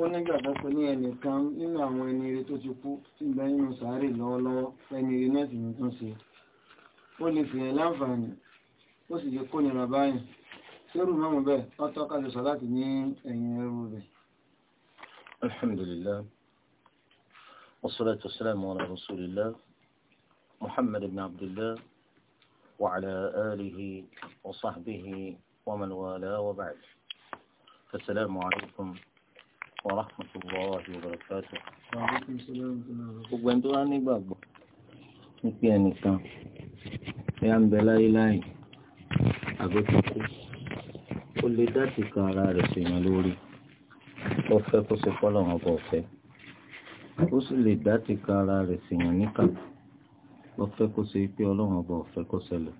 ó nígbàtà pé ní ẹnìkan nínú àwọn ẹni eré tó ti kú tí ń bẹ nínú sàárè lọ́wọ́lọ́wọ́ ẹni eré náà sì ní tún ṣe ó lè fìyàn láǹfààní ó sì lè kó nira báyìí sẹ́rù mọ́mù bẹ́ẹ̀ ó tọ́ka lè sọ láti ní ẹ̀yìn ẹrù rẹ̀. alhamdulillah wassalatu wassalamu ala rasulillah muhammad ibn abdullah wa ala alihi wa sahbihi wa man wala wa ba'd assalamu alaykum. warahmatullahi wabarakatuh. gbogbo ẹni tó wá nígbàgbọ́ nípa ẹnìkan ẹ̀yà ń bẹ láyé láyé àbẹ́kúkú ó lè dáàtì kan ara rẹ̀ sèyàn lórí ó fẹ́ kó ṣe fọ́lọ̀ wọn bọ̀ fẹ́ ó sì lè dáàtì kan ara rẹ̀ sèyàn níkà ó fẹ́ kó ṣe pé ọlọ́run ọba ọ̀fẹ́ kó ṣẹlẹ̀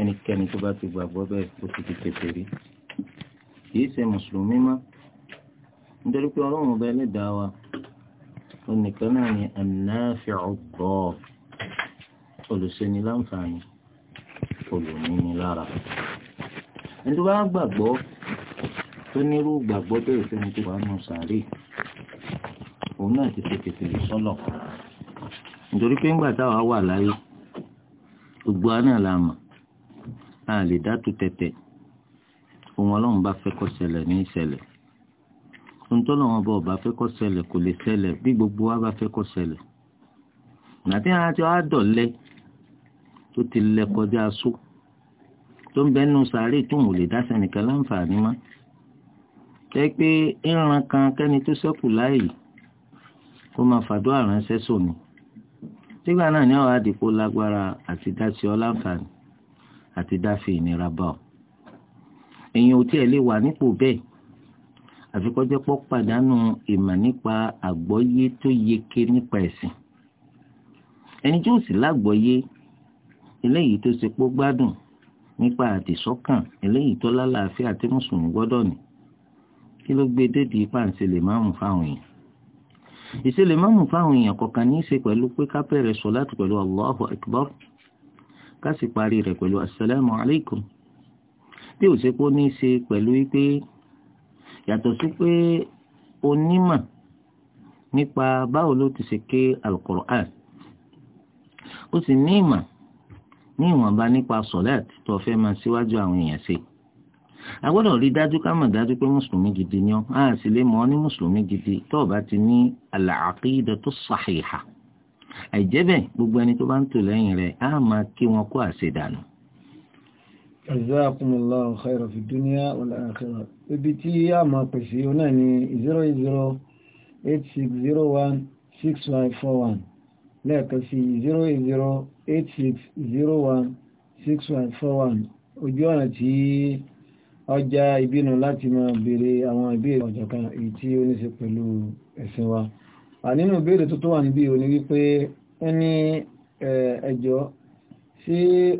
ẹnikẹ́ni tó bá ti gbàgbọ́ bẹ́ẹ̀ ó ti di kékeré kì í ṣe mùsùlùmí mọ́ nítorí pé ọlọ́run ọba ẹlẹ́dàá wa onìkan náà ni ànáfíà ọgbọ́ olùsẹni láǹfààní olùmíní lára ẹni tó bá gbàgbọ́ tó nírú gbàgbọ́ tó yẹ fẹ́ni tó bá nù sàárè òun náà ti tètè tètè sọ́lọ̀ nítorí pé ńgbà táwa wà láyé gbogbo àná la mọ̀ a lè dá tẹ̀tẹ̀ òun ọlọ́run bá fẹ́ kó ṣẹlẹ̀ ní ìṣẹ̀lẹ̀ ntọ́nà wọn bá ọba fẹ́ kó ṣẹlẹ̀ kò lè ṣẹlẹ̀ bí gbogbo wa bá fẹ́ kó ṣẹlẹ̀ nàbí àwọn àti wàá dọ̀lẹ́ tó ti lẹ kọjá só tó ń bẹ nù sàárè tó ń lè dáṣẹ nìkan láǹfààní má jẹ́ pé ìran kan kẹ́ni tó ṣẹ́kù láàyè kó máa fàdúrà ránṣẹ́ sóni nígbà náà ní àwọn àdìpọ̀ lágbára àti dáṣẹ ọ láǹfààní àti dáṣẹ ìnira bá ọ èèyàn ò tiẹ̀ lè wà nípò bẹ́ẹ̀ àfikọ́jẹ́pọ̀ pàdánù ìmọ̀ nípa àgbọ́yé tó yeke nípa ẹ̀sìn ẹni tí ó sì lágbọ́yé eléyìí tó ṣe pọ̀ gbádùn nípa àdìsọ́kàn eléyìí tó lálàáfíà tí mùsùlùmí gbọ́dọ̀ ní kí ló gbé dédì ipá ń ṣe lè má mú fáwọn èèyàn ìṣẹ̀lẹ̀ má mú fáwọn èèyàn kọ̀ọ̀kan ní í ṣe pẹ̀lú pé ká bẹ̀rẹ̀ sọ láti pẹ̀lú Allahu Akbar ká sì parí rẹ̀ pẹ̀lú assalamu alaikum tí ò ṣe pé ó ní í ṣe pẹ̀lú wípé yàtọ̀ sí pé onímọ̀ nípa báwo ló ti ṣe ké alukur'an ó sì ní ìmọ̀ ní ìwọ̀nba nípa sọ̀lẹ́t tó fẹ́ máa síwájú àwọn èèyàn ṣe a gbọ́dọ̀ rí dájú ká mọ̀ dájú pé mùsùlùmí gidi ni ọ́ a sì lè mọ̀ ọ́ ní mùsùlùmí gidi tó o bá ti ní al-aqida sàhìhà àìjẹ́ bẹ́ẹ̀ gbogbo ẹni tó bá ń tò lẹ́yìn rẹ̀ á máa kí wọn kó àṣedànù. jazakumullahu khairan fi dunya wal akhirah ibi tí a máa pèsè náà ni 08086016541 lẹ́ẹ̀kan sí 08086016541 ojú ọ̀nà tí ọjà ìbínú láti máa béèrè àwọn ìbéèrè ọjà kan èyí tí ó ní ṣe pẹ̀lú ẹ̀sìn wa nínú ìbéèrè tó tó wà níbí òní wípé ẹni ẹjọ́ sí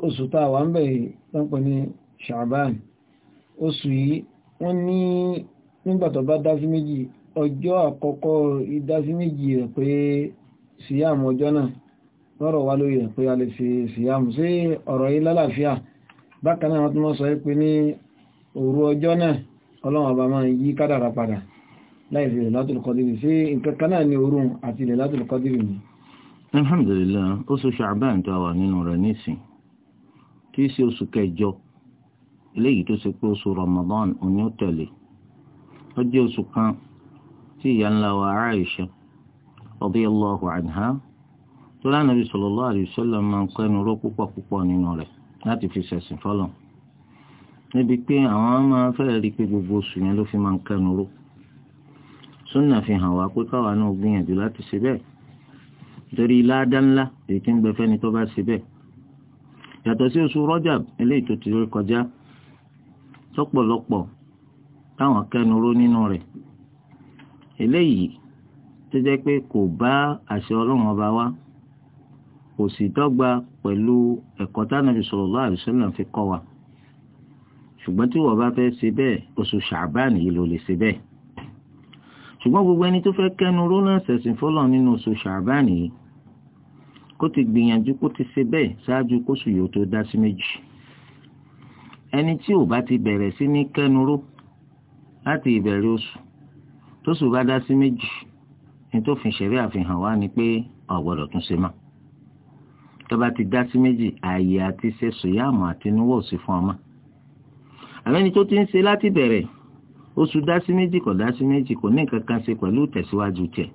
oṣù tá a wà ń bẹ̀ yìí lọ́pọ̀ ní ṣàbán oṣù yìí wọ́n ní nígbà tó bá dásí méjì ọjọ́ àkọ́kọ́ ìdásí méjì rẹ̀ pé síyàmù ọjọ́ náà lọ́rọ̀ wá lórí rẹ̀ pé a lè fi síyàmù sí ọ̀rọ̀ yìí lálàáfíà bákan náà wọ́n tún mọ́ sọ pé ní òru ọjọ́ náà ọlọ́run ọba máa yí kádàrà padà láì fi Lailatul sí nǹkan kan náà ní òórùn àti Lailatul Qadri ni. alhamdulillah oṣù Sha'ban wà nínú rẹ̀ nísìn kì í ṣe oṣù kẹjọ eléyìí tó ṣe pé oṣù Ramadan òní ó tẹ̀lé ó jẹ́ oṣù kan tí ìyá ńlá wa Aisha radiyallahu anha tó lánàbí sallallahu alaihi wasallam máa ń kẹ́nu ró púpọ̀ púpọ̀ nínú rẹ̀ láti fi ṣẹ̀sìn fọ́lọ̀ níbi pé àwọn máa fẹ́rẹ̀ rí pé gbogbo oṣù yẹn ló fi máa ń kẹ́nu ró súnà fi hàn wá pé káwa náà gbìyànjú láti ṣe bẹ́ẹ̀ torí ládá èyí tí ń gbẹfẹ́ni tó bá ṣe bẹ́ẹ̀ yàtọ̀ sí oṣù Rajab eléyìí tó ti rí kọjá sọ́pọ̀lọpọ̀ táwọn kẹnu ró nínú rẹ̀ eléyìí tó jẹ́ pé kò bá àṣẹ ọlọ́run ọba wá kò sì dọ́gba pẹ̀lú ẹ̀kọ́ tánàbí sallallahu alaihi wasallam fi kọ́ wa ṣùgbọ́n tí wọ́n bá fẹ́ ṣe bẹ́ẹ̀ oṣù ṣàbáàní yìí ló lè ṣe bẹ́ẹ̀ ṣùgbọ́n gbogbo ẹni tó fẹ́ kẹnu ró náà ṣẹ̀sìn fọ́lọ̀ nínú oṣù ṣàbáàní yìí kó ti gbìyànjú kó ti ṣe bẹ́ẹ̀ ṣáájú kóṣù yóò tó dá sí méjì. ẹni tí ò bá ti bẹ̀rẹ̀ sí ní kẹnuró láti ìbẹ̀rẹ̀ oṣù tó sì bá dá sí méjì ni tó fi ṣẹ̀rí àfihàn wá ni pé ọ̀gbọ́dọ̀ tún ṣe mọ́ tó bá ti dá sí méjì ààyè àti ṣe sòyàmù àtinúwò sí fún ọmọ àmẹ́ni tó ti ń ṣe láti bẹ̀rẹ̀ oṣù dá sí méjì kò dá sí méjì kò ní kankan kan ṣe pẹ̀lú tẹ̀síwájú tiẹ̀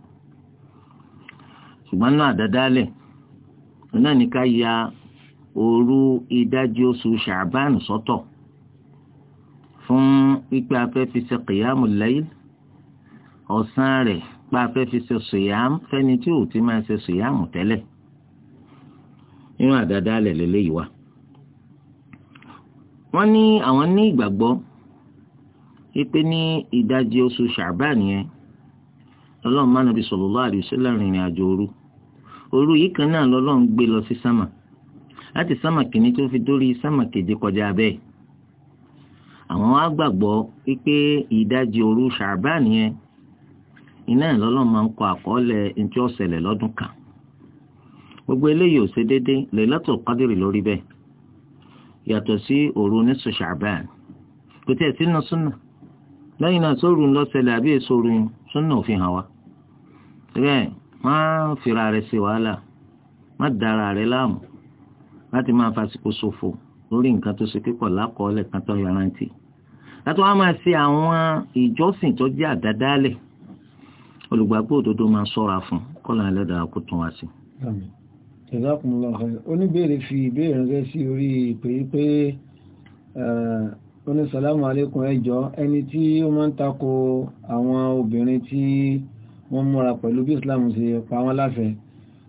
ṣùgbọ́n náà àdádálẹ̀ náà ni ká ya òru ìdajì oṣù ṣàbán sọ́tọ̀ fún pípé afẹ́ fi ṣe kìyàmù láyl ọ̀sán rẹ̀ pa afẹ́ fi ṣe sòyàm fẹ́ni tí ò ti máa ṣe sòyàmù tẹ́lẹ̀ nínú àdáda alẹ̀ lélẹ́yìí wa. wọ́n ní àwọn ní ìgbàgbọ́ wípé ní ìdajì oṣù ṣàbán yẹn ọlọ́run máa nàbí sallallahu rìnrìn àjò òru òru yìí kan náà lọ́lọ́run gbé lọ sí sámà láti sámà kìíní tó fi dórí sámà keje kọjá bẹ́ẹ̀ àwọn á gbàgbọ́ wípé ìdajì òru ṣàbán yẹn iná ìlọ́lọ́run máa ń kọ àkọọ́lẹ̀ ntí ó ṣẹlẹ̀ lọ́dún kan gbogbo eléyìí ò ṣe déédé Lailatul Qadri lórí bẹ́ẹ̀ yàtọ̀ sí òru nísù ṣàbán kò tẹ̀ sínú súnà lẹ́yìn náà sóòrù ń lọ àbí èso òru súnà ò fi hàn wá bẹ́ẹ̀ má fira rẹ̀ ṣe wàhálà má dara rẹ̀ láàmú láti máa fasikò ṣòfò lórí nǹkan tó ṣe kíkọ̀ lákọọ́lẹ̀ kan tó yarantí láti wá máa ṣe àwọn ìjọsìn tó jẹ́ àdádálẹ̀ olùgbàgbọ́ òdodo máa ṣọ́ra fún kọ́lá ẹlẹ́dàá kó tún wá sí. ṣèdákùnlọ oníbèrè fi ìbéèrè ránṣẹ́ sí orí ìpè pé oní sàlámù alékùn ẹjọ́ ẹni tí ó máa ń tako àwọn obìnrin tí wọ́n múra pẹ̀lú bí Islam ṣe pa wọ́n láfẹ̀ẹ́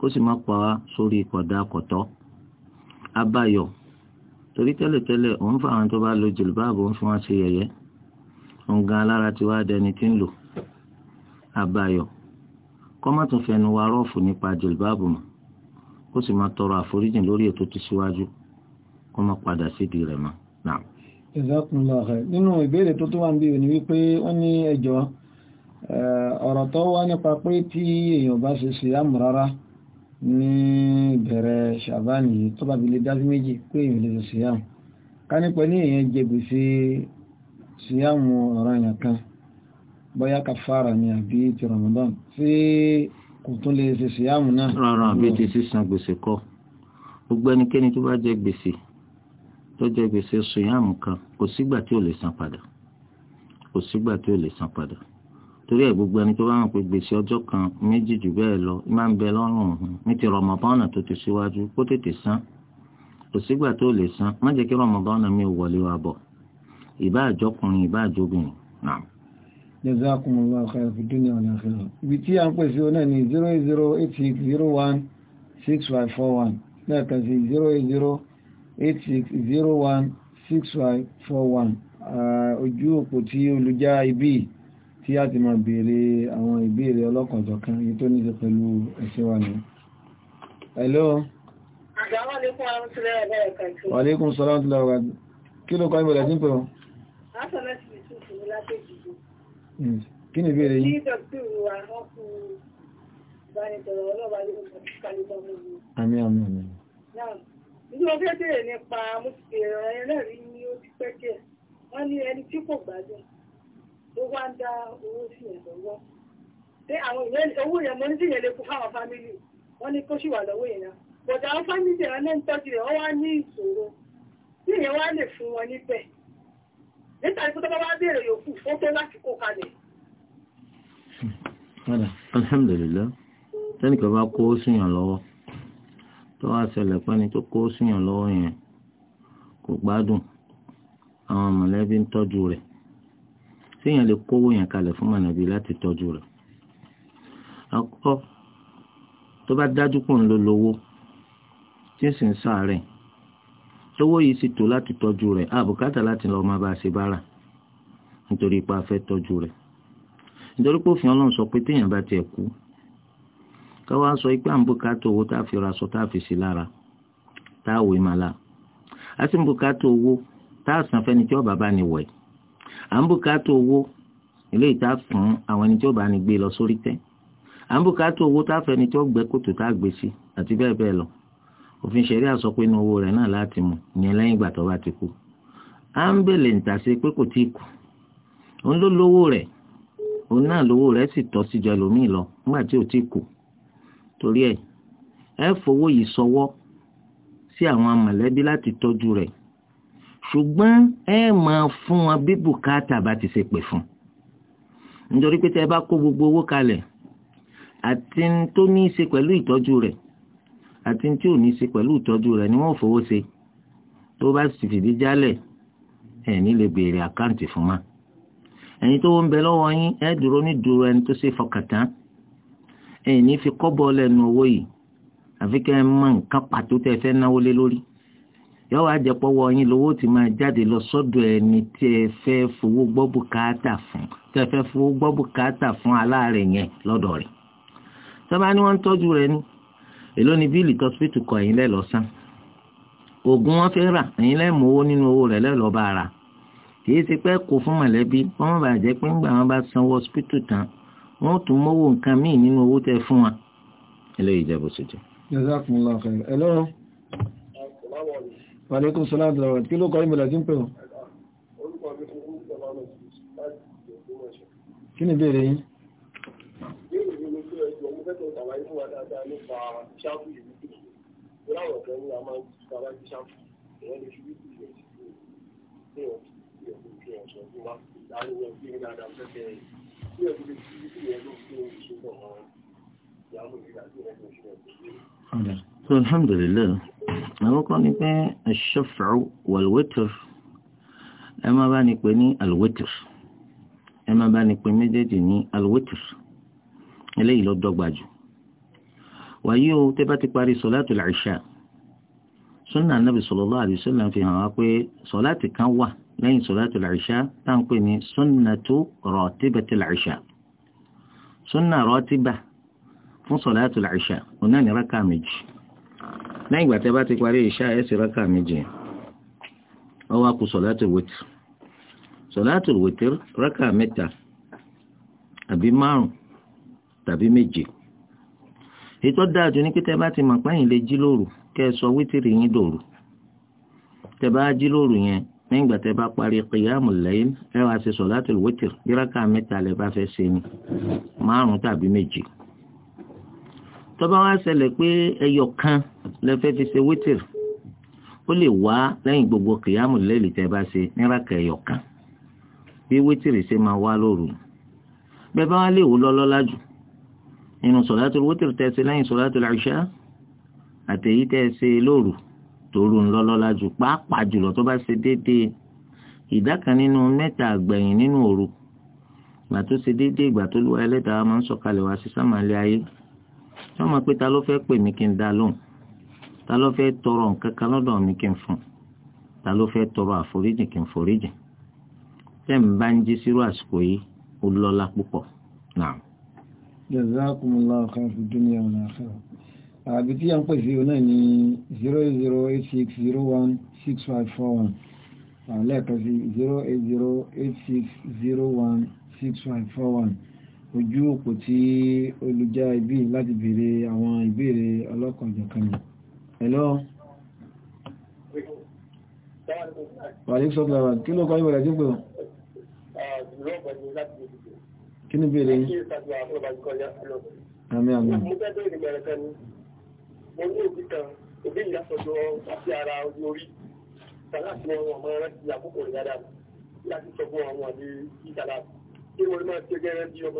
kó sì má pa wá sórí ìkọ̀dá kọ̀tọ́ abáyọ̀ torí tẹ́lẹ̀tẹ́lẹ̀ òun fáwọn tó bá lo jìlbáàbò ń fún wọn ṣe yẹ̀yẹ́ òun gan alára ti wá dẹni tí ń lò àbáyọ kọ́ má tún fẹnu wa rọ́ọ̀fù nípa jìlbáàbò mọ́ kó sì máa tọrọ àforíjìn lórí ètò tí síwájú kó má padà sídìí rẹ̀ mọ́ náà. jazakumullahu nínú ìbéèrè tó tó wà níbi òní wípé wọ́n ní ẹjọ́ ọ̀rọ̀ tó wá nípa pé tí èèyàn bá ṣe ṣe àmúrárá ní ìbẹ̀rẹ̀ ṣàbáànì yìí tó bá fi lè dájú méjì pé èyàn lè lọ síyàmù ká nípa ní èyàn jẹ gbèsè síyàmù ọ̀rọ̀ èyàn kan bóyá kàfàrà ni àbí ti Ramadan tí kò tún lè ṣe síyàmù náà. rárá àbí ti sísan gbèsè kọ́ gbogbo ẹnikẹ́ni tó bá jẹ gbèsè tó jẹ gbèsè síyàmù kan kò sígbà tí ò lè san padà kò sígbà tí ò lè san padà torí ẹ gbogbo ẹni tó bá wọn pé gbèsè ọjọ́ kan méjì jù bẹ́ẹ̀ lọ máa ń bẹ lọ́rùn ọ̀hún ní ti rọmọbọnà tó ti síwájú kó tètè san kò sígbà tó lè san má jẹ́ kí rọmọbọnà mi wọlé wa bọ̀ ìbá àjọkùnrin ìbá àjọbìnrin náà. jazakumullahu khairan fid dunya wal akhirah ibi tí a ń pè sí ọ̀nà ní zero eight zero eight six zero one six five four one lẹ́ẹ̀kan sí zero eight zero eight six zero one six five four one ojú òpó tí olùjá ibi yìí tí a ti máa bèèrè àwọn ìbéèrè ọlọ́kanjọ̀kan yìí tó níṣe pẹ̀lú ẹ̀ṣẹ́ wa ní. Hello. Wàlékún sọ́lá ti lọ́wọ́ kí ló kọ́ ìbẹ̀rẹ̀ sí pẹ̀lú? Kí ni ìbéèrè yìí? Àmì àmì àmì. Ní ọjọ́ bèèrè nípa mú ti bèèrè ẹlẹ́rìí ní ó ti pẹ́ jẹ́, wọ́n ní ẹni tí kò gbádùn ó wá ń dá owó sí yẹn lọ́wọ́ pé àwọn ìyẹn owó yẹn mo ní sí yẹn lè kó fáwọn fámìlì wọ́n ní kó sì wà lọ́wọ́ yẹn náà bọ̀dà àwọn fámìlì yẹn náà ń tọ́jú rẹ̀ wọ́n wá ní ìṣòro tí ìyẹn wá lè fún wọn níbẹ̀ nígbà tí tọ́ba wá béèrè yòókù ó tó láti kó kalẹ̀. alhamdulillah tẹ́nìkan bá kó síyàn lọ́wọ́ tó wá ṣẹlẹ̀ pẹ́ni tó kó síyàn lọ́wọ́ yẹn kò gbádùn àwọn mọ̀lẹ́bí ń tọ́jú rẹ̀ séèyàn lè kówó yẹn kalẹ̀ fún mọ̀nàbí láti tọ́jú rẹ̀ àkọ́kọ́ tó bá dájú pò ń lo lówó tí ń sì ń sàárẹ̀ owó yìí sì tó láti tọ́jú rẹ̀ àbùkátà láti lọ́ọ́ máa bá a ṣe bára nítorí ipa fẹ́ tọ́jú rẹ̀ nítorí pé òfin ọlọ́run sọ pé téèyàn bá tiẹ̀ kú káwá sọ pé ń bùkátà owó tá a fi ra sọ tá a fi sí lára tá a wèé màlá a ń bùkátà owó tá a san fẹ́ni tí ọ̀bà bá ní wọ̀ẹ́ à ń bùkátà owó eléyìí tá a fún àwọn ẹni tí ó bá ní gbé lọ sórí tẹ́ à ń bùkátà owó tá a fẹ́ ẹni tí ó tá a gbé sí àti bẹ́ẹ̀ bẹ́ẹ̀ lọ òfin ṣẹ̀rí àsọ pé inú owó rẹ̀ náà láti mú ìyẹn lẹ́yìn ìgbà tó bá ti kú à ń bèlè ntàsí pé kò tí ì kú òun ló lówó òun náà lówó sì tọ́ lọ nígbà tí ò tí ì kú torí ẹ fowó yìí sọwọ́ sí àwọn mọ̀lẹ́bí ṣùgbọ́n ẹ máa fún wọn bí bùkátà bá ti ṣe pè fún nítorí pé tẹ́ ẹ bá kó gbogbo owó kalẹ̀ àti tó ní í ṣe pẹ̀lú ìtọ́jú rẹ̀ àti tí ò ní í ṣe pẹ̀lú ìtọ́jú rẹ̀ ni wọ́n fowó ṣe tó bá sì fìdí jálẹ̀ ẹ̀ ní lè béèrè àkáǹtì fún ma ẹ̀yin tó ń bẹ lọ́wọ́ yín ẹ dúró ní dúró ẹni tó ṣe fọkàntán ẹ̀ ní fi kọ́bọ̀ lẹ́nu owó yìí àfi mọ nǹkan pàtó tẹ́ fẹ́ náwó lé lórí yọ wá jẹ pọwọ yín lówó tí máa jáde lọ sọ́dọ̀ ẹni tí ẹ fẹ́ fowó gbọ́ bùkátà fún tí ẹ fẹ́ fowó gbọ́ bùkátà fún aláàárẹ̀ yẹn lọ́dọ̀ rẹ̀ sábà ni wọ́n ń tọ́jú rẹ̀ ni èló ni bíìlì tọ́sípítù kọ ẹ̀yin lẹ́lọ́sán oògùn wọn fẹ́ rà ẹ̀yin lẹ́mú owó nínú owó rẹ̀ lẹ́lọ́ba rà kìí ṣe pé kò fún mọ̀lẹ́bí wọ́n bá jẹ́ pé ńgbà wọn bá sanwó ọsibítù tán wọ́n tún mọ́wó nǹkan míì nínú owó tẹ fún wa. eléyìí jẹ́ bó ṣe Wàlékún Sọlá Dọ̀rọ̀ kí ló kọ́ ìbọ̀lẹ̀ tí ń pè wọ́n? Kí ni ìbéèrè yín? Alhamdulillah àkọ́kọ́ ni pé ash-shaf'u wal-witr ẹ má bá ní pé ní al-witr ẹ má bá ní pé méjèèjì ní al-witr eléyìí ló dọ́gba jù wàyí o tẹ́ bá ti parí solatul isha sunna anabi sallallahu alayhi wa sallam fi hàn wá pé sọláàtì kan wà lẹ́yìn solatul isha tá à pè ní sunnatu ratibatil isha sunna ratiba fún solatul isha onáni rákà méjì lẹ́yìn ìgbà tí a bá ti parí ìṣá ẹ̀sìn rákà méjì ó wá kù sọ̀látù wìtì sọ̀látù wìtì rákà mẹ́ta àbí márùn tàbí méje ètò dáàjú ní pé tẹ́ bá ti mọ̀ pẹ́yìn lè jí lóru kẹ́ ẹ sọ wítìrì yín dòru tẹ́ bá jí lóru yẹn lẹ́yìn ìgbà bá parí qiyamul layl ẹ wá ṣe sọ̀látù rákà mẹ́ta lẹ́ bá fẹ́ ṣe ni márùn tàbí méje tó bá wá ṣẹlẹ̀ pé ẹyọ kan lè fẹ́ fi ṣe wítìrì ó lè wá lẹ́yìn gbogbo kìyàmù lẹ́lì tẹ́ bá ṣe níraka ẹyọ kan bí wítìrì ṣe máa wá lóru bẹ́ẹ̀ bá wá lè wò lọ́lọ́lá jù nínú sọ̀látùl wítìrì tẹ́ ṣe lẹ́yìn sọ̀látùl ìṣá àtẹ̀yí tẹ́ ṣe lóru tòru ńlọ́lọ́lá jù pàápàá jùlọ tó bá ṣe déédéé ìdá kan nínú mẹ́ta àgbẹ̀yìn nínú òru ìgbà tó ṣe déédéé ìgbà tó lù ẹlẹ́dàá máa ń sọ̀kalẹ̀ wá sí sámàlẹ́ ayé wọ́n mọ̀ pé ta ló fẹ́ pè mí kí n dá lóhùn ta ló fẹ́ tọrọ nǹkan kan lọ́dọ̀ mi kí n fún ta ló fẹ́ tọrọ àforíjì kí n foríjì tẹ́ ń bá ń jí sírú àsìkò yìí ó lọ́lá púpọ̀ náà. jazakumullahu khairan fid dunya wal akhirah àbí tí a ń pèsè ọ náà ní zero zero eight six zero one six five four one lẹ́ẹ̀kan sí zero eight zero eight six zero one six five four one ojú òpó tí olùjá ibi láti béèrè àwọn ìbéèrè ọlọ́kanjọ̀kan ni. Hello. Wàlík sọ́gbàwà, kí ló kọ́ ìwọ̀rẹ̀ tí pè wọ́n? Kí ni béèrè yìí? Àmì àmì. Mo fẹ́ bẹ́ẹ̀ ìgbẹ̀rẹ̀ kan kí wọ́n máa ṣe gẹ́rẹ́ bí kí fún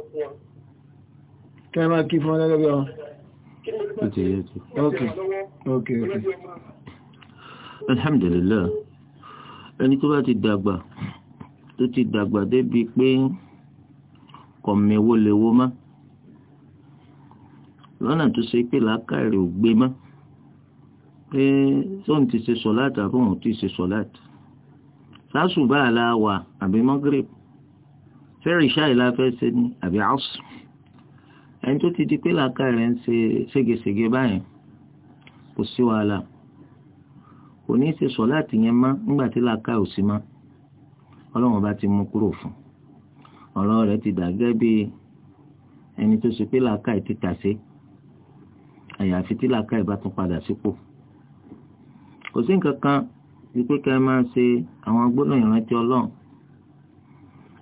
wọn gẹ́gẹ́ bí ọmọ. ok ok ok. alhamdulillah ẹni tó bá ti dàgbà tó ti dàgbà débi pé kò mẹ́wó léwó má lọ́nà tó ṣe pé làákàrè ò gbé má pé sóun ti ṣe sọ̀láàtì àbóhùn ti ṣe sọ̀láàtì sásùbà la wà àbí mọ́gírèpù fẹ́rẹ̀ ìṣáì la fẹ́ ṣe ni àbí àṣù ẹni tó ti di pé làákà rẹ̀ ń ṣe ségesège báyìí kò sí wàhálà kò ní í ṣe sọ láti yẹn má nígbà tí làákà ò sí má ọlọ́run bá ti mú kúrò fún ọ̀rọ̀ rẹ̀ ti dà gẹ́gẹ́ bí ẹni tó ṣe pé làákà ti tà sí àyàfi tí làákà bá tún padà sípò kò sí nǹkan kan wípé ká máa ṣe àwọn gbólóhùn ìrántí ọlọ́run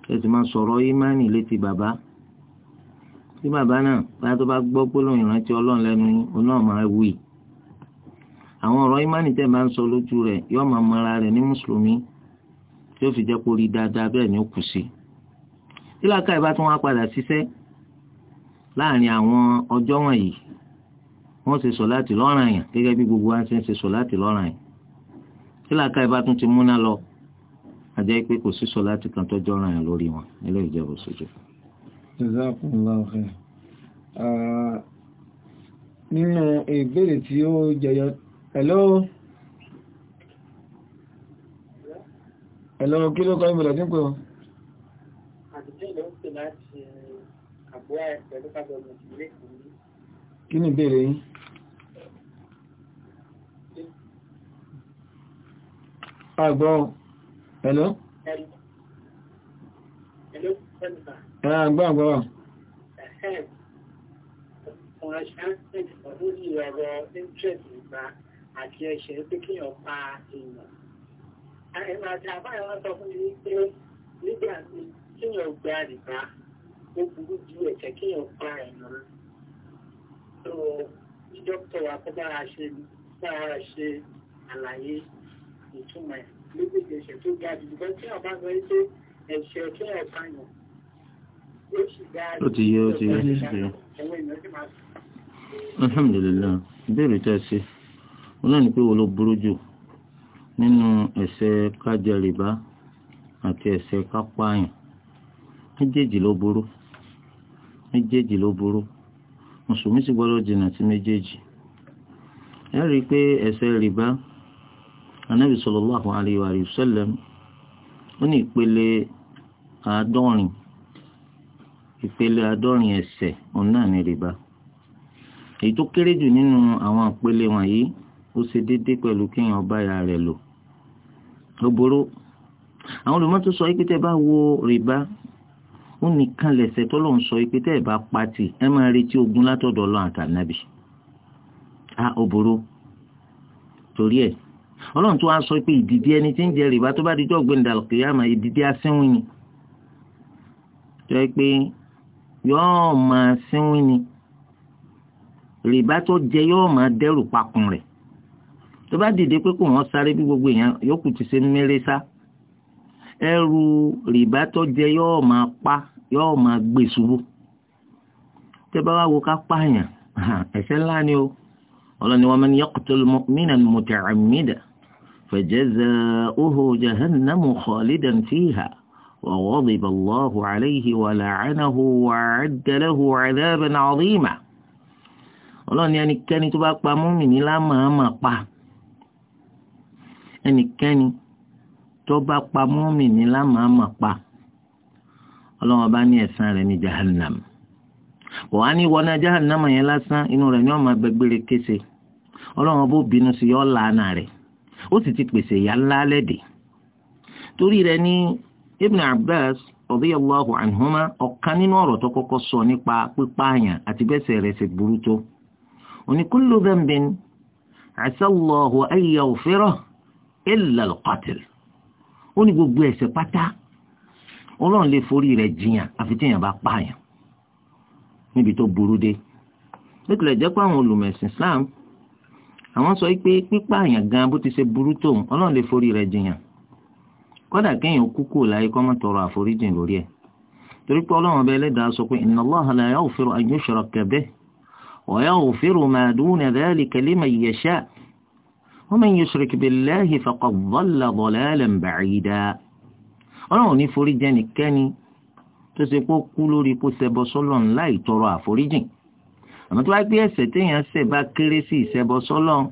kẹsì máa sọ̀rọ̀ ìmánì létí bàbá tí bàbá náà báyà tó bá gbọ́ gbólóhùn ìrántí ọlọ́run lẹ́nu òun náà máa wù í àwọn ọ̀rọ̀ ìmánì tẹ̀ máa ń sọ lójú rẹ̀ yóò máa mọ ara rẹ̀ ní mùsùlùmí tí ó fi jẹ́ kó rí dáadáa bẹ́ẹ̀ ni ó kù sí tí làákàyè bá tún wá padà ṣiṣẹ́ láàrin àwọn ọjọ́ wọ̀nyí wọ́n ṣe sọ láti lọ́ràn yàn gẹ́gẹ́ bí gbogbo wa ṣe ń ṣe sọ láti lọ́ràn yàn tí làákàyè tún ti múná lọ ajẹ́ pé kò sí sọ̀láàtì kan tó jọ́ràn yàn lórí wọn nílé ìjẹ́bù sójú. Jazakumullahu khair. nínú ìbéèrè tí ó jẹyọ hello hello kí ló kọ́ ìmọ̀lẹ̀ tí ń pè ọ́. kí ni ìbéèrè yín. àgbọ̀n. Hello? Hello? Ah, ẹ̀rọ àgbà àgbà wà. Ẹ̀hẹ́ ọ̀rọ̀ ṣáńsẹ̀ lórí ọ̀rọ̀ interest ìgbà àti ẹ̀ṣẹ̀ pé kí èèyàn pa èèyàn. Àìmọ̀ àti àbáyọ̀ wọn sọ fún mi pé nígbà tí kéèyàn gba rìbá ó burú ju ẹ̀ṣẹ̀ kéèyàn pa èèyàn. Tó dókítà wa kó bára ṣe àlàyé ìtumọ̀ ẹ̀ níbi ìṣẹ̀ tó ga ìbéèrè tẹ́ ẹ ṣe pé wo ló burú jù nínú ẹ̀ṣẹ̀ kájẹ àti ẹ̀ṣẹ̀ kápáàyàn méjèèjì ló burú méjèèjì ló burú mùsùlùmí sì gbọ́dọ̀ jìnnà sí méjèèjì ẹ rí i pé ẹ̀ṣẹ̀ rìbá anabi sallallahu alayhi wa sallam ó ní ìpele àádọ́rin ìpele àádọ́rin ẹ̀ṣẹ̀ òun náà ní rìbá èyí tó kéré jù nínú àwọn ìpele wọ̀nyí ó ṣe déédéé pẹ̀lú kéèyàn bá ya rẹ̀ lò ó burú àwọn olùmọ́tò sọ pé tẹ́ bá wo rìbá ó nìkan lẹ̀ṣẹ̀ tó lọ́n sọ pé tẹ́ bá pati ẹ máa retí ogun látọ̀dọ̀ Ọlọ́run àtànábì á ó burú torí ẹ̀ ọlọ́run tó wá sọ pé ìdìdí ẹni tí ń jẹ rìbá tó bá di jọ́ gbẹ̀ndà lọ́kìyàmà ìdìdí asínwín ni tó yẹ pé yọ́ọ́ máa sínwín ni rìbá tó jẹ yọ́ọ́ máa dẹ́rù pakùn rẹ̀ tó bá dìde pé kò wọ́n sáré bí gbogbo èèyàn yòókù ti ṣe mẹ́rẹ́ sá ẹrù rìbá tó jẹ yọ́ọ́ máa pa yọ́ọ́ máa gbé ṣubú tẹ́ bá wá wo ká pààyàn ẹ̀ṣẹ̀ ńlá ni o ọlọ́ni wa man yaqtul mu'minan muta'ammidan فجزاؤه جهنم خالدا فيها وغضب الله عليه ولعنه وأعد له عذابا عظيما ọlọ́ni ẹnikẹ́ni tó bá pa mùmínì lámàámà pa ẹnikẹ́ni tó bá pa mùmínì lámàámà pa ọlọ́wọ́n bá ní ẹ̀san rẹ̀ ní jahannam wọ́n á ní wọná jahannam yẹn lásán inú rẹ̀ ni wọ́n máa gbẹgbẹ́rẹ́ kése ọlọ́wọ́n bó bínú sí yọ́ làánà rẹ̀ ó sì ti pèsè ìyà ńlá lẹ́dẹ̀ torí rẹ̀ ní Ibn Abbas radiyallahu anhuma ọ̀kan nínú ọ̀rọ̀ tó kọ́kọ́ sọ nípa pípààyàn àti bẹ́sẹ̀ rẹ̀ ṣe burú tó òní kullu dhanbin asallahu an yaghfirahu illa al-qatl ó ní gbogbo ẹ̀ṣẹ̀ pátá ọlọ́run lè forí rẹ̀ jiyàn àfi tí èèyàn bá pààyàn níbi tó burú dé nítorí jẹ́ pé àwọn olùmẹ̀sìn Islam àwọn sọ pé pípààyàn gan bó ti ṣe burú tó ọlọ́run lè forí rẹ̀ jiyàn kódà kéèyàn kú kò láyé kó má tọrọ àforíjìn lórí ẹ̀ torí pé ọlọ́run ọba ẹlẹ́dàá sọ pé inna Allaha la yaghfiru an yushraka bihi wa yaghfiru ma duna dhalika liman yasha wa man yushrik billahi faqad dhalla dhalalan ba'ida ọlọ́run ní forí àmọ́ tó bá gbé ẹ̀ṣẹ̀ téèyàn ṣẹ̀ bá kéré sí ìṣẹbọ sọ́lọ́run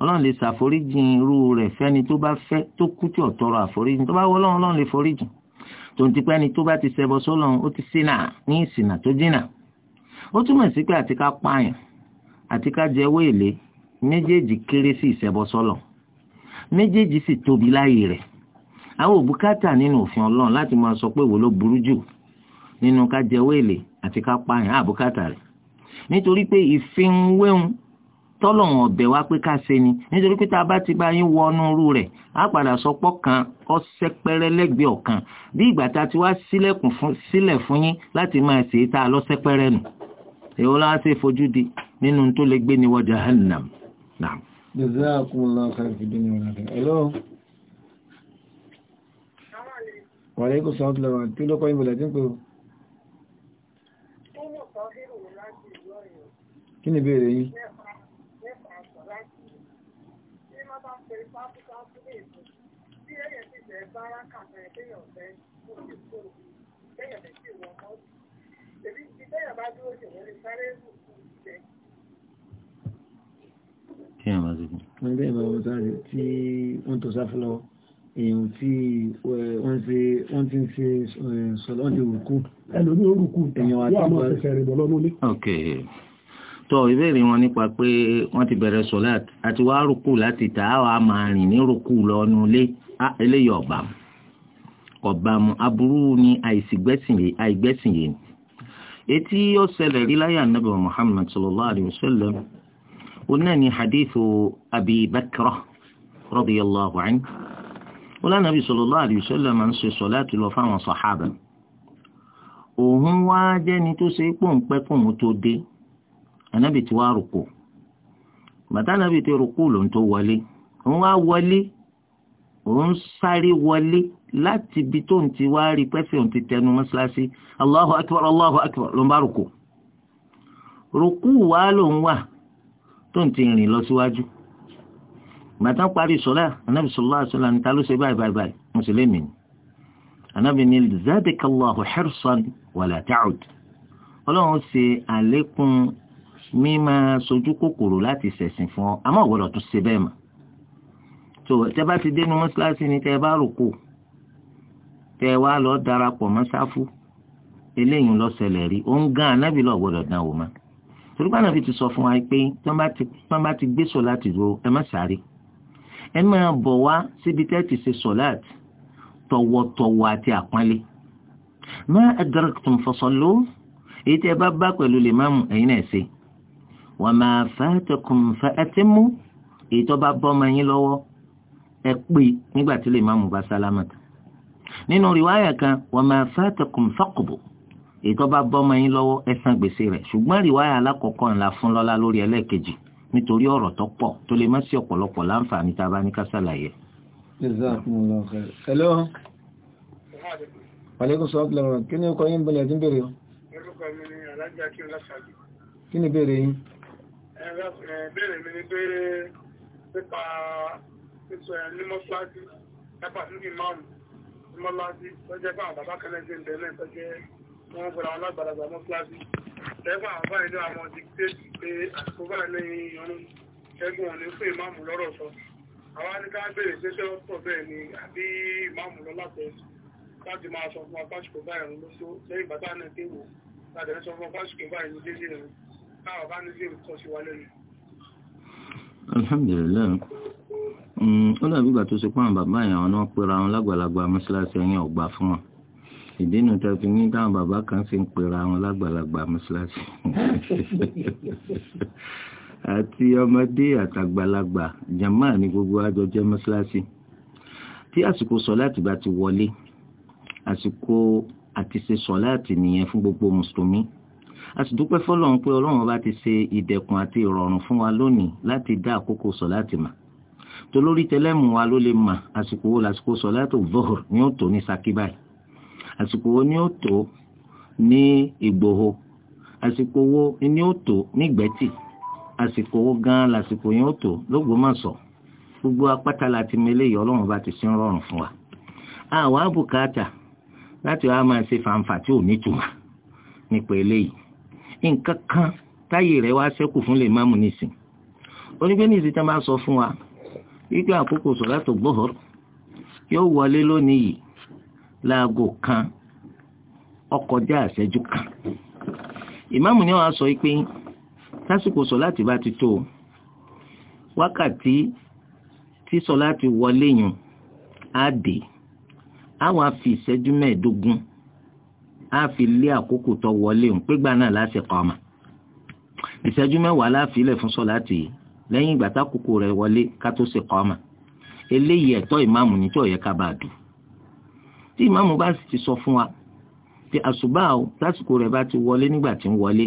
ọlọ́run lè ṣàforíjìn irú rẹ̀ fẹ́ni tó bá fẹ́ tó kú tí ò tọrọ àforíjìn tó bá wọ ọlọ́run ọlọ́run lè foríjìn tòun ti pẹ́ ni tó bá ti ṣẹbọ sọ́lọ́run ó ti ṣìnà ní ìṣìnà tó jìnà ó túmọ̀ sí pé àti ká pààyàn àti ká jẹ owó èlé méjèèjì kéré sí ìṣẹbọ sọ́lọ́run méjèèjì sì tóbi láyè rẹ̀ àwọn òbúkátà nínú òfin ọlọ́run láti máa sọ pé wo ló burú jù nínú ká jẹ èlé àti ká pààyàn àbúkátà rẹ̀ nítorí pé ìfihùnwéhùn tọ́lọ̀wọ̀n ọ̀bẹ̀ wá pé ká ṣe ni nítorí pé tá a bá ti bá yín wọnú rú rẹ̀ á padà sọpọ́ kan ọ̀sẹ̀ pẹ́rẹ́ lẹ́gbẹ̀ẹ́ ọ̀kan bí ìgbà tá a ti wá sílẹ̀kùn fún sílẹ̀ fún yín láti máa ṣe é tá a lọ́sẹ̀ pẹ́rẹ́ nù èwo la ṣe fojú di nínú tó lè gbé ní wọ jahannam. jazakumullahu khairan fid dunya wal akhirah. hello. wàlẹ́kùn sọ́ọ́tù lọ́wọ́ kí ló kọ́ ìbùdó àti ń pè ó. kí ni ìbéèrè yín. kí àwọn àzùkú. wọ́n bẹ́ẹ̀ bá wọn sáré tí wọ́n tó sáfù lọ èèyàn tí wọ́n ti ń ṣe sọ̀lọ́ọ̀dẹ̀ òrùkú ẹlòmí òrùkú èèyàn àti ọmọ ẹ̀fẹ̀ rẹ̀ bọ̀ lọ́nà tọ ìbéèrè wọn nípa pé wọn ti bẹ̀rẹ̀ sọ̀láàt àti wàá rúkú láti tà á wàá máa rìn ní rúkú lọ́nu ilé eléyìí ọ̀bà mu ọ̀bà mu aburú ni àìgbẹ́sìn yìí etí ó ṣẹlẹ̀ rí láyé ànábì Muhammad sallallahu alayhi wa sallam onáà ni hadithu Abi Bakra radiyallahu anhu wọn lánàbì sallallahu alayhi wa máa ń ṣe sọ̀láàt lọ fáwọn sàhábà òun wá jẹ́ni tó ṣe pòǹpẹ́ pòun tó dé anabi ti wá rùkù bàtà anabi ti rùkù ló ń tó wọlé òun wá wọlé òun sáré wọlé láti ibi tó ń ti wá rí pẹ́fẹ́ òun ti tẹnu mọ́ṣáláṣí Allahu akbar Allahu akbar ló ń bá rùkù rùkù wá ló ń wà tó ń ti rìn lọ síwájú bàtà parí sọlá anabi sallallahu alaihi wasallam ló ṣe báyìí báyìí báyìí mùsùlùmí ni anabi ni zadakallahu hirsan wala ọlọ́run ṣe àlékún mi máa sojú kòkòrò láti ṣẹ̀sìn fún ọ àmọ́ ọ̀gbọ́dọ̀ tún ṣe bẹ́ẹ̀ mọ́ tó tẹ bá ti dénú mọ́ṣáláṣí ni tẹ bá rò kó tẹ wá lọ darapọ̀ mọ́ sáfù eléyìí lọ ṣẹlẹ̀ rí ó ń gan anábì lọ gbọ́dọ̀ dán wò má torí bá nàbì ti sọ fún wa pé tán bá ti gbé sọ láti ro ẹ má sáré ẹ máa bọ̀ wá síbi tẹ́ ti ṣe sọ láti tọwọ́tọwọ́ àti àpọ́nlé má ẹ dẹrẹ tó ń fọṣọ ló èyí tẹ bá bá pẹ̀lú lè má mú ẹ̀yin náà ṣe wa ma fatakum fa atimmu èyí tó bá bọ́ ọmọ yín lọ́wọ́ ẹ pé nígbà tí lè má mú bá sálámà tán nínú rìwáyà kan wa ma fatakum faqbu èyí tó bá bọ́ ọmọ yín lọ́wọ́ ẹ san gbèsè rẹ̀ ṣùgbọ́n rìwáyà alákọ̀ọ́kọ́ ńlá fún lọ́lá lórí ẹlẹ́ẹ̀kejì nítorí ọ̀rọ̀ tó pọ̀ tó lè má sí ọ̀pọ̀lọpọ̀ láǹfààní tá a bá ní ká ṣàlàyé. kí ni ìbéèrè yín ẹ̀bẹ̀rẹ̀ mi ni pé pípa sísọ ẹ̀ ní mọ́ṣáláṣí nípa níbi márùn ní mọ́ṣáláṣí tó jẹ́ pé àwọn bàbá kẹlẹ́ ṣe ń bẹ̀ náà tó jẹ́ wọ́n fọ́ra wọn lágbàlagbà mọ́ṣáláṣí tẹ́gbà àwọn báyìí ní àwọn dìkítẹ́tì pé àsìkò báyìí lẹ́yìn ìyọrùn tẹ́gbà wọn ní fún ìmáàmù lọ́rọ̀ sọ àwọn ní ká béèrè pé ṣé ọ̀pọ̀ bẹ́ẹ̀ ni àbí ìmáàmù lọ láti láti máa sọ fún apáṣùkò báyìí lọ́sọ lẹ́yìn bàtà náà kéwò láti rẹ́ sọ fún apáṣùkò báyìí ní déédéé rẹ̀ Alhamdulillah. bá nílé nǹkan sí wa lónìí. alhamdulilayi mm, ó dàbí ìgbà tó ṣe pé àwọn bàbá yẹn àwọn náà pera wọn lágbàlagbà mọ́ṣáláṣí ẹ̀yìn ọ̀gbà fún wọn ìdí nu tó fi ní táwọn bàbá kan sì ń pera wọn lágbàlagbà mọ́ṣáláṣí àti ọmọdé àtàgbàlagbà jàmáà ní gbogbo àjọ jẹ́ mọ́ṣáláṣí tí àsìkò sọláàtì bá ti wọlé àsìkò àti ṣe sọláàtì nìyẹn fún gbogbo mùsùlùmí a sì dúpẹ́ fọlọ́run pé ọlọ́run bá ti ṣe ìdẹ̀kùn àti ìrọ̀rùn fún wa lónìí láti dá àkókò sọ̀láàtì mà tolórí tẹlẹ́mù wa ló lè mà àsìkò wo làsìkò sọ̀láàtì vọ́hùr ni ó tó ní Ṣakí àsìkò wo ni ó tó ní Ìgbòho àsìkò wo ni ó tó ní Ìgbẹ́tì àsìkò wo gan làsìkò yẹn ó tó l'Ógbómọ̀ṣọ́ gbogbo apáta láti mẹlẹ́ yìí ọlọ́run bá ti ṣe ń rọrùn fún wa àwa bùkátà láti wá máa ṣe fàǹfà tí ò nítumọ̀ nípa eléyìí nǹkan kan táyè rẹ̀ wá ṣẹ́kù fún lè máàmù nísìn onígbé nísìn tá máa sọ fún wa wípé àkókò sọ̀látò gbọ́họ̀rọ̀ yóò wọlé lónìí yìí láago kan ọkọjá àṣẹjú kan ìmáàmù ni wọ́n sọ pé lásìkò sọ̀láàtì bá ti tó wákàtí tí sọ̀láàtì wọlé yùn á dé àwọn á fi ìṣẹ́jú mẹ́ẹ̀ẹ́dógún á fi lé àkókò tó wọlé òun pégbà náà láti kọ́ ọmọ ìṣẹ́jú mẹ́wàá láàfilẹ̀ fún sọ́láàtì yìí lẹ́yìn ìgbà tákòkò rẹ̀ wọlé ká tó ṣe kọ́ ọmọ eléyìí ẹ̀tọ́ ìmáàmù ní tí ó yẹ ká bá a dù tí ìmáàmù bá sì ti sọ fún wa tí àṣùbà o lásìkò rẹ̀ bá ti wọlé nígbà tí ń wọlé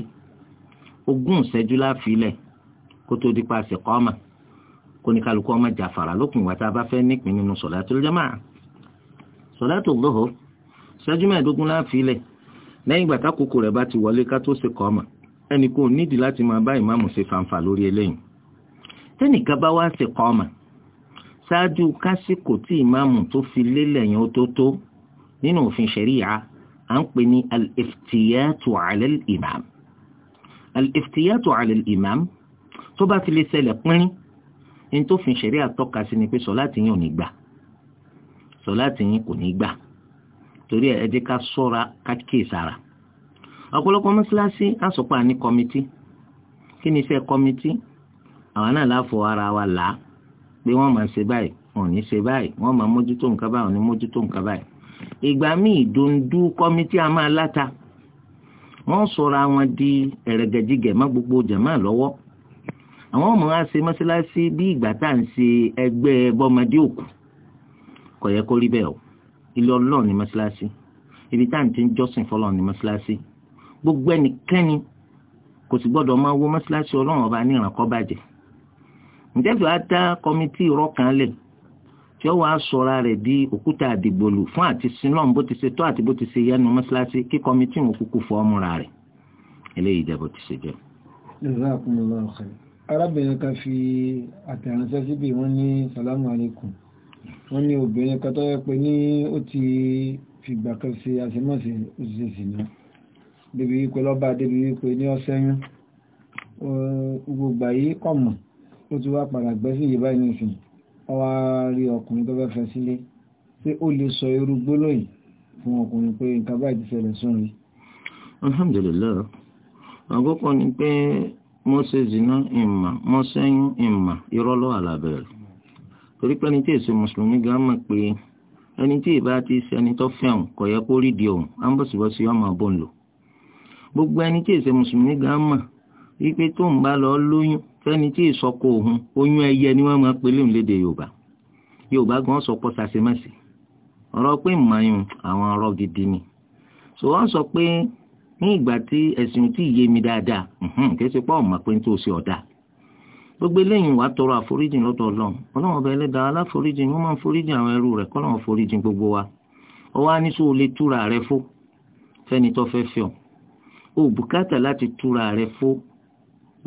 ogún ìṣẹ́jú láàfilẹ̀ kó tó di pa ṣe ọmọ kó ní kálukú ọmọ jàfàrà lókun ìgbà tá a bá fẹ́ nípìn nínú sọ̀látùl jámáà sọ̀látùl zuhur ìṣẹ́jú mẹ́ẹ̀ẹ́dógún láàfilẹ̀ lẹ́yìn ìgbà tákòókò rẹ̀ bá ti wọlé ká tó ṣe kọ́ ọmọ ẹnì kò nídìí láti máa bá ìmáàmù ṣe fàǹfà lórí eléyìí tẹ́nìkan bá wá ṣe kọ́ ọmọ ṣáájú kásìkò tí ìmáàmù tó fi lélẹ̀ yẹn ó tó tó nínú òfin ṣẹ̀ríyà à ń pè ní al-iftiyatu ala al-imam al tó bá fi lè ṣẹlẹ̀ pínrín ní tó fi ṣẹ̀ríyà tọ́ka sí ni pé sọ láti yín ní gbà sọ láti kò ní gbà torí ẹ jẹ́ ká ṣọ́ra ká kíyèsára ọ̀pọ̀lọpọ̀ mọ́ṣáláṣí àsopọ̀ àní kọ́mítì kí ni iṣẹ́ kọ́mítì àwọn náà láfọ ara wa là á pé wọ́n máa ṣe báyìí wọn ò ní ṣe báyìí wọ́n máa mójútó nǹkan báyìí wọn ò ní mójútó nǹkan báyìí ìgbà míì dòńdú kọ́mítì a máa láta wọ́n sọ̀rọ̀ àwọn di ẹ̀rẹ̀gẹ̀dìgẹ̀ má gbogbo jàmáà lọ́wọ́ àwọn ọmọ wa ṣe mọ́ṣáláṣí bí ìgbà tá à ń ṣe ẹgbẹ́ bọ́mọdé òkú kò bẹ́ẹ̀ o ilé ọlọ́run ní mọ́ṣáláṣí ibi tá à ń ti ń jọ́sìn fọlọ́run ní mọ́ṣáláṣí gbogbo ẹnikẹ́ni kò sì gbọ́dọ̀ máa wó mọ́ṣáláṣí ọlọ́run ọba ní ìrànkọ́ bàjẹ́ ǹjẹ́fẹ́ á dá kọ́mítì irọ́ lẹ̀ tí ó wàá sọra rẹ̀ di òkúta àdìgbòlù fún àti sinọ́ọ̀n bó ti ṣe tó àti bó ti ṣe yẹnu mọ́ṣáláṣí kí kọ́mítì òun kúkú fọ́ ọmúra rẹ̀ eléyìí jẹ́ bó arábìnrin kan fi àtẹ̀ránṣẹ́ síbi wọ́n ní salamu alaykum wọ́n ní obìnrin kan tó yẹ pé ní ó ti fìgbà kan ṣe àṣemọ́sí òṣìṣẹ́ ìsìnà débi wípé lọ́ba débi wípé ní ọ́sẹ́yún gbogbo àyè kọ̀mọ̀ ó ti wá padà gbẹ́ sí ìyẹ́bá ẹni ìsìn ọwá rí ọkùnrin tó fẹ́ sílé pé ó lè sọ irú gbólóyìn fún ọkùnrin pé nǹkan báyìí ti ṣẹlẹ̀ sún rí. alhamdulillah ni pé mo ṣe zina ìmà mo ṣẹ́yún ìmà irọ́ ló wà torí pé ẹni tí èso mùsùlùmí gan mọ̀ pé ẹni tí ìbá ti ṣe ẹni tó fẹ́ òun kò yẹ kó rí di òun á ń bọ̀sibọ́sí ọmọ bò ń lò gbogbo ẹni tí èso mùsùlùmí gan mọ̀ wípé tó ń bá lọ lóyún fẹ́ni tí ìsọkọ òun oyún ẹyẹ ni wọ́n máa pelé òun léde yorùbá yorùbá gan sọ pé sàṣemẹ́sì ọ̀rọ̀ pé màáyùn àwọn ọ̀rọ̀ gidi ni so wọ́n sọ pé ní ìgbà tí ẹ̀sìn tí yé mi dáadáa kì í ṣe pé ọ̀mọ̀ gbogbo eléyìí wàá tọrọ àforíjìn lọ́dọ̀ ọlọ́run ọlọ́run ọba ẹlẹ́dàá aláforíjìn wọ́n máa ń foríjìn àwọn ẹrú rẹ̀ kọ́lọ́run foríjìn gbogbo wa ọwọ́ anísò lè túra rẹ fó fẹ́ni tó fẹ́ fẹ́ ọ o bùkátà láti túra rẹ fó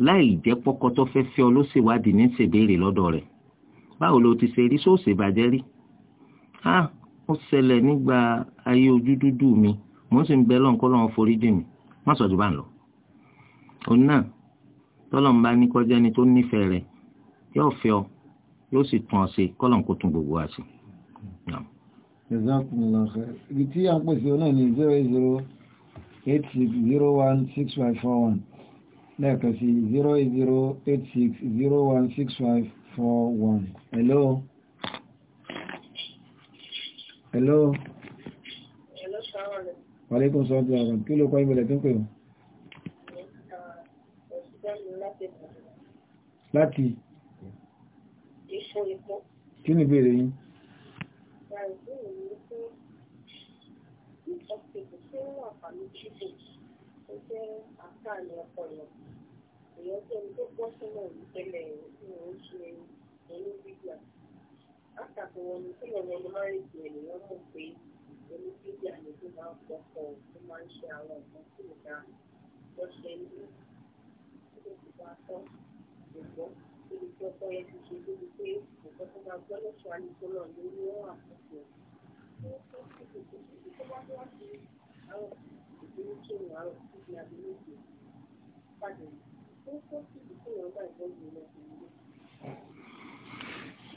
láì jẹ́ pọ́kọ́ tó fẹ́ fẹ́ ọ ló ṣèwádìí ní ṣèbéèrè lọ́dọ̀ rẹ̀ báwo ló ti ṣe rí sóòsì bàjẹ́ rí a ó ṣẹlẹ̀ nígbà ayé ojú dúdú mi mò sì ń bẹ lọ́nkọ́ lọ́wọ́ foríjìn mi má sọ ju bá ń lọ òun náà tọ́lọ́n bá ní kọjá ẹni tó nífẹ̀ẹ́ rẹ̀ yóò fẹ́ ọ yóò sì tún ọ sí kọ́lọ́n kó tún gbogbo wa sí. ibi tí a pèsè náà ní zero zero eight six zero one six five four one lẹ́ẹ̀kan sí zero zero eight six zero one six five four one. hello. hello. hello sàrọ̀ rẹ̀. wàlẹ́kùn sọ́ọ́ bí ọ̀rọ̀ kí ló kọ́ ìbẹ̀lẹ̀ tó ń pè wọ́n. láti kí ni ìbéèrè yín Látàkùn wọn ni tí ẹ̀yẹ ni máa ń rìn ènìyàn mọ̀ pé ẹni tí ìdí àmì máa ń pọ̀pọ̀ tó máa ń àwọn nǹkan tí ìdá lọ́sẹ̀ ní ìdí tó ti bá tọ́ ìgbọ́ níbi tí ọkọ yẹn ti ṣe débi pé ìgbọ́ tó máa gbọ́ lọ́sọ̀ àlejò náà ló ní wọ́n àkókò rẹ̀.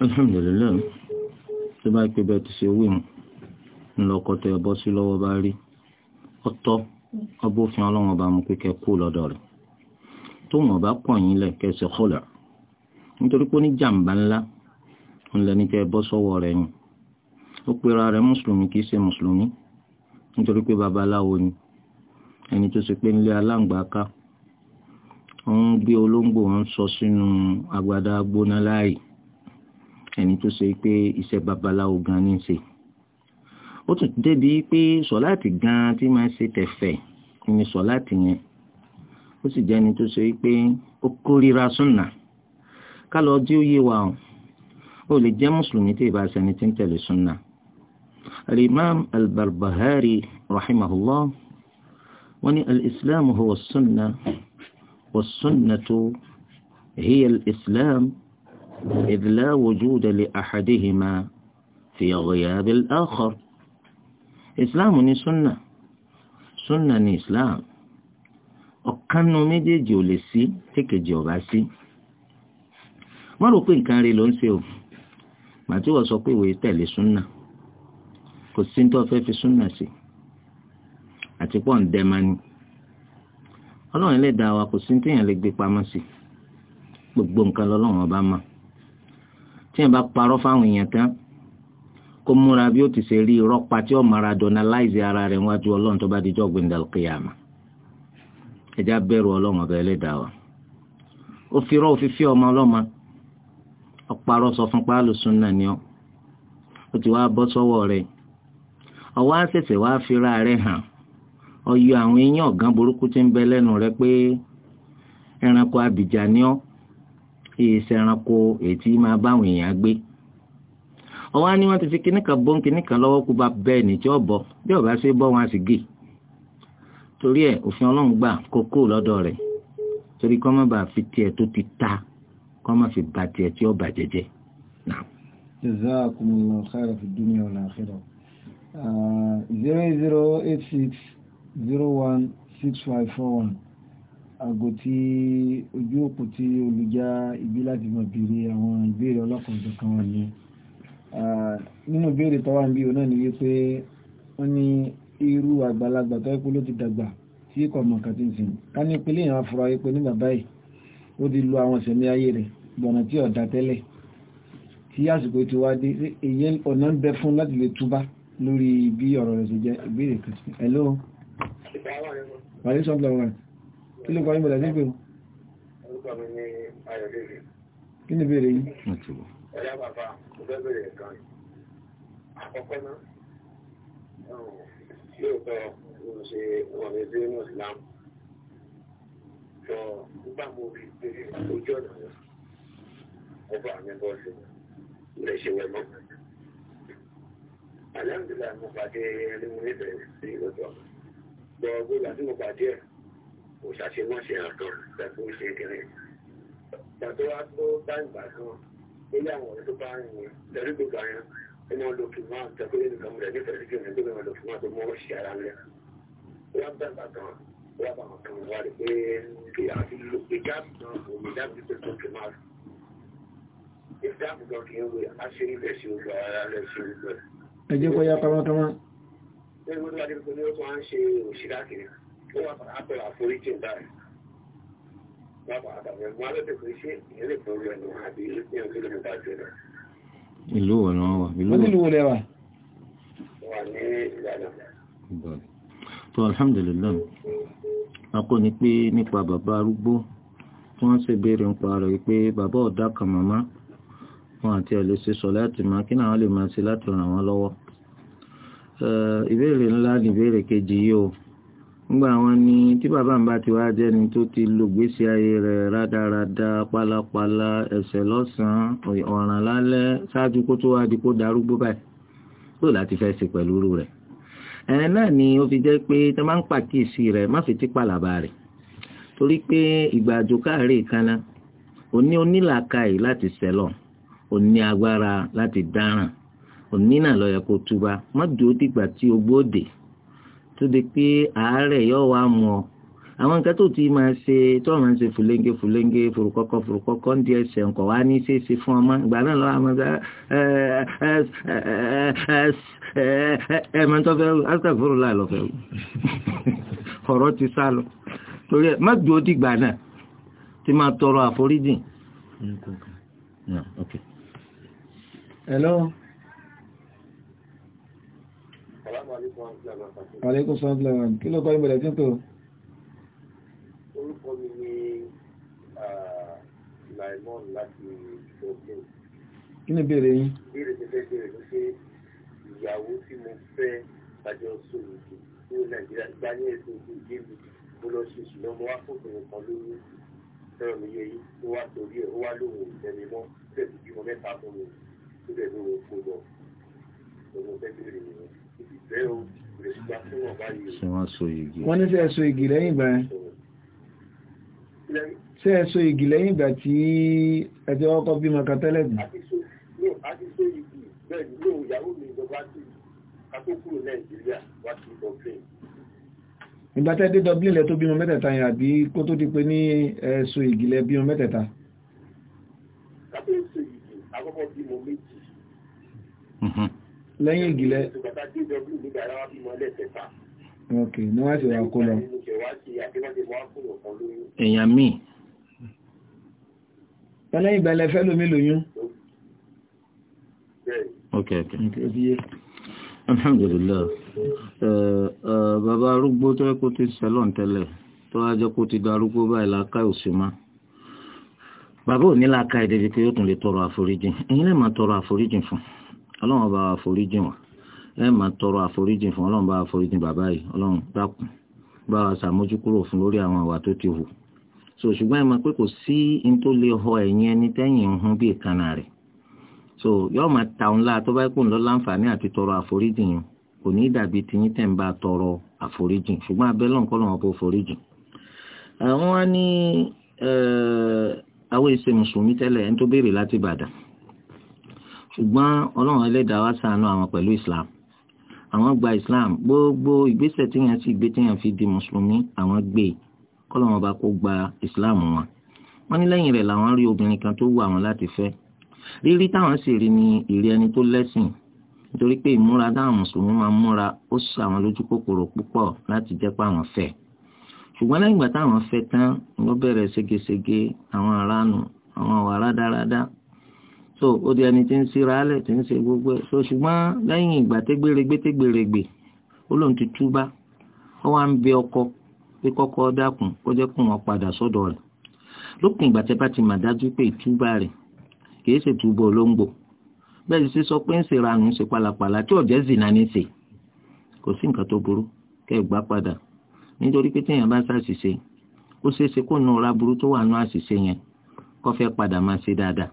alhamdulilayi tó bá pẹ́ bẹ́ẹ̀ ti ṣe wí mu ńlọkọ tẹ sí lọ́wọ́ bá rí ọtọ́ ọbófin ọlọ́run ọba mú pé kẹ́ kú lọ́dọ̀ rẹ̀ tó wọn bá pọ̀ yín lẹ̀ kẹsì kọlà nítorí pé ní jàǹbá ńlá ń lẹni tẹ bọ́ sọ́wọ́ rẹ̀ yìí ó pera rẹ̀ mùsùlùmí kì í ṣe mùsùlùmí nítorí pé babaláwo ni ẹni tó ṣe pé nílé aláǹgbá ká ń gbé olóńgbò ń sọ sínú agbada gbóná láàyè ẹni tó ṣe pé iṣẹ́ babaláwo gan ní ṣe ó tún débi pé sọ̀láàtì gan tí máa ṣe tẹ̀fẹ̀ ni sọ̀láàtì yẹn ó sì jẹni tó ṣe pé ó kórira súnà ká lọ jí ó yé wa o ó lè jẹ́ mùsùlùmí tí ìbá ṣẹni tí ń tẹ̀lé súnà. al-imam wọ́n ní al-islam huwa sunna wa tó hiya al-islam idh la wujuda li ahadihima fi ghiyab al-akhar islam ni sunna sunna ni islam. ọ̀kanu méjèèjì ò lè sí tékejì ò bá sí wọ́n rò pé nǹkan rí ló ń ṣe o màtí wọ́n sọ pé ìwé tẹ̀lé súnà kò sí ní tó fẹ́ fi súnà sí àti pọ̀ ń dẹ́ma ọlọ́run lè dá wa kò sí ní téèyàn lè gbé pamọ́ sí gbogbo nǹkan lọ́lọ́run ọba mọ̀ téèyàn bá parọ́ fáwọn èèyàn tán kó múra bí ó ti ṣe rí irọ́ pa tí ó maradonalize ara rẹ̀ wájú ọlọ́run tó bá dijọ́ gbẹ̀ndàlùkìyàmà ẹjá bẹ̀rù ọlọ́run ọba ẹlẹ́dàá wa ó fi rọ́ òfin ọmọ ọlọ́mọ ọparọ́ sọ fún páálù súnà ni ọ́ ó ti wá bọ́ sọ́wọ́ rẹ ọwọ́ àṣẹ̀ṣẹ̀ wá fira re hàn ọyọ àwọn eyín ọ̀gán burúkú tí ń bẹ lẹ́nu rẹ̀ pé ẹranko ni ọ́ ẹranko ètí máa báwọn èèyàn gbé ọwọ́ ti fi kinika bó ń lọ́wọ́ kú bá bẹ́ẹ̀ ní tí ọ̀bọ bí ọ̀bá ṣe bọ́ wọn á e. torí ẹ̀ òfin ọlọ́run gbà kókó lọ́dọ̀ rẹ̀ torí kọ́ má bàa fi tiẹ̀ tó ti ta kọ́ má fi ba tiẹ̀ tí ó bàjẹ́ jẹ́. jazakumullahu khairan fi dunya wal akhirah zero zero eight six zero one six five four one àgọ́ tí ojú òpó tí olùjá ibi láti mọ̀ bèrè àwọn ìbéèrè ọlọ́kùnrin kan wọn ni nínú ìbéèrè tọ́wọ́ ń bí òun náà ni wípé wọ́n ní irú àgbàlagbà tó ẹ́pẹ́ ló ti dàgbà tí kò mọ̀ nǹkan tí ń sìn ká ní ìpínlẹ̀ yẹn afurọ ẹ́pẹ́ ní bàbá yìí ó ti lo àwọn ìṣẹ̀mí ayé rẹ̀ bọ̀nà tí ọ̀dà tẹ́lẹ̀ tí àsìkò ti wá dé èyí ọ̀nà ń bẹ fún láti lè túbá lórí bí ọ̀rọ̀ rẹ̀ ṣe jẹ́ ìbéèrè kan hello wàlé sọ́gbà wà kí ló parí mọ̀lá sí pé kí ni ìbéèrè yìí ọ̀yá bàbá mo fẹ́ kan àkọ́kọ́ náà lóòótọ́ mo ṣe ọ̀rẹ́ dé ní islam sọ nígbà mo rí pé ojú ọ̀nà wọn ọba mi bọ́ sí mi lè ṣe wẹ̀ mọ́. alhamdulilayi mo pàdé ẹni mo níbẹ̀rẹ̀ sí lọ́jọ́ gbọ́ gbọ́dọ̀ àti mo pàdé ẹ̀ kò ṣàṣemọ́ṣe àtọ̀ pẹ̀lú ìṣe kiri. ìgbà tó wá tó bá ìgbà kan ilé àwọn ọ̀rẹ́ tó bá rìn rẹ̀ lẹ́rú gbogbo àyàn ẹni wọn lò kí máa tẹ̀kọ́ lẹ́nu kan múlẹ̀ nífẹ̀ẹ́ síkì ní gbẹ́gbẹ́ lò kí máa tó mọ́ ṣe ara rẹ̀ wọ́n bá bàbá kan wọ́n bá wọn kan wá rí pé kí a ti lò pé dáàbò náà omi dáàbò tó tó kí máa rí dáàbò náà kì í wé aṣọ ilẹ̀ ṣe gbogbo ara rẹ̀ ṣe gbogbo ẹ̀. ẹ jẹ́ kó yá kámákámá. ṣé ìwé bá àtàwọn ìlú wo ni wọ́n wà ìlú wo lẹ́wà tó alhamdulillah akọ́ ni pé nípa bàbá arúgbó tí wọ́n ṣe béèrè ń pa rẹ̀ pé bàbá ọ̀dá kan màmá wọn àti ẹ̀ lè ṣe sọ láti máa kí náà lè máa ṣe láti ràn wọ́n lọ́wọ́ ìbéèrè ńlá ni ìbéèrè kejì yìí o ngbà wọn ni tí bàbá mi bá ti wá jẹ́ni tó ti lo gbèsè ayé rẹ̀ rádaràda pálapàla ẹ̀ṣẹ̀ lọ́sàn-án ọ̀ràn lálẹ́ ṣáájú kó tó wá di kó darúgbó báyìí tó láti fẹ́ ṣe pẹ̀lú irú rẹ̀ ẹ̀ẹ́n náà ni ó fi jẹ́ pé tẹ máa ń pàkíyèsí rẹ̀ má fi tipa làbà rẹ̀ torí pé ìgbà àjò káàárẹ̀ ìkànnà òní onílàkàyè láti sẹ́lọ̀ òní agbára láti dáràn òní náà ló yẹ kó túbà má dúró dìgbà tí ogbó dè tó di pé àárẹ̀ yóò wá mú ọ àwọn nǹkan tó ti máa ṣe tó máa ṣe fúlẹ́ńgé fúlẹ́ńgé fòrùkọ́kọ́ fòrùkọ́kọ́ ń di ẹsẹ̀ nǹkan wá ní ṣe é ṣe fún ọmọ ìgbà náà lọ́wọ́ àmọ́ ẹ̀ẹ́mọ́ tó fẹ́ wù áṣà fúru láì lọ fẹ́ wù ọ̀rọ̀ ti sá lọ torí ẹ̀ má dúró dìgbà náà tí máa tọrọ àforíjì. Hello. Àlékún Sọ́ńtìlẹ̀wọ̀n. Kí ló kọ́ ìbẹ̀rẹ̀ tí ń pè ó? Orúkọ mi ni Laimon láti Ìjọ́gbìn. Kí ni ìbéèrè yín? Ìbéèrè ti fẹ́ bèèrè ló pé ìyàwó tí mo fẹ́ àjọ sóòlù ní Nàìjíríà gbá ní ẹ̀sìn ìlú mo lọ ṣe ṣùgbọ́n mo wá fòfin wọ́n ní ṣé ẹ so igi lẹ́yìn ìgbà ṣé ẹ so igi lẹ́yìn ìgbà tí ẹ ti kọ́kọ́ bímọ kan tẹ́lẹ̀ bí. ìgbà tẹ́ dé Dublin lẹ tó bímọ mẹ́tẹ̀ẹ̀ta yẹn àbí kó tó di pé ní ẹ so igi lẹ bímọ mẹ́tẹ̀ẹ̀ta. ká tó igi lẹ́yìn ìgìlẹ̀ ok ní wá sí wà kó lọ èèyàn míì lẹ́yìn ìgbàlẹ̀ fẹ́ lómi lóyún ok ok alhamdulillah bàbá arúgbó tó yẹ kó ti sẹ́lọ̀n tẹ́lẹ̀ tó wá jẹ́ kó ti darúgbó báyìí láká òsìmá bàbá ò ní láká ìdẹ́bí pé ó tún lè tọrọ àforíjìn ẹ̀yin lè máa tọrọ àforíjìn fún un ọlọ́run bá àforíjì wọn ẹ máa tọrọ àforíjì fún ọlọ́run bá àforíjì bàbá yìí ọlọ́run dákun bá a ṣàmójúkúrò fún lórí àwọn awa tó ti hù so ṣùgbọ́n ẹ máa pé kò sí in tó lè họ ẹ̀yìn ẹni tẹ́yìn ń hún bí ìkànnà rẹ̀ so yóò máa ta òun láà tó bá tọrọ àforíjì yẹn kò ní dàbí tiyín tọrọ àforíjì ṣùgbọ́n abẹ́ lọ́nkọ́ ṣùgbọ́n ọlọ́run ẹlẹ́dàá wá ṣàánú àwọn pẹ̀lú islam àwọn gba islam gbogbo ìgbésẹ̀ tí yẹn sì gbé tí yẹn fi di mùsùlùmí àwọn gbé kọ́lọ́run bá kó gba islam wọn wọ́n ní lẹ́yìn rẹ̀ làwọn rí obìnrin kan tó wù àwọn láti fẹ́ rírí táwọn sì rí ni ìrí ẹni tó lẹ́sìn nítorí pé ìmúra dáhùn mùsùlùmí máa ń múra ó sọ àwọn lójú kòkòrò púpọ̀ láti jẹ́ pé àwọn fẹ́ ṣùgbọ́n lẹ́yìn ìgbà táwọn fẹ́ tán ló bẹ̀rẹ̀ ségesège àwọn aráàlú àwọn ọ̀wà rádaràda so ó di ẹni tí ń síra alẹ̀ tí ń ṣe gbogbo ẹ̀ so ṣùgbọ́n lẹ́yìn ìgbà tégbèrègbè tégbèrègbè ó lóun ti túbá ó wá ń bẹ ọkọ pé kọ́kọ́ dákun ó jẹ́ kó wọn padà sọ́dọ̀ rẹ̀ lópin ìgbà tẹ́ bá ti mà dájú pé ìtúbà rẹ̀ kìí ṣe túbọ̀ olóńgbò bẹ́ẹ̀ sì sọ pé ń ṣe ranù ń ṣe pàlàpàlà tí ọ̀jẹ́ zìnà ní ṣe kò sí nǹkan tó burú kẹ́ ẹ̀ gbá padà nítorí pé téèyàn bá ṣàṣìṣe ó ṣeé ṣe kó nu ọ̀rá burú tó wà nú àṣìṣe yẹn kó fẹ́ padà máa ṣe dáadáa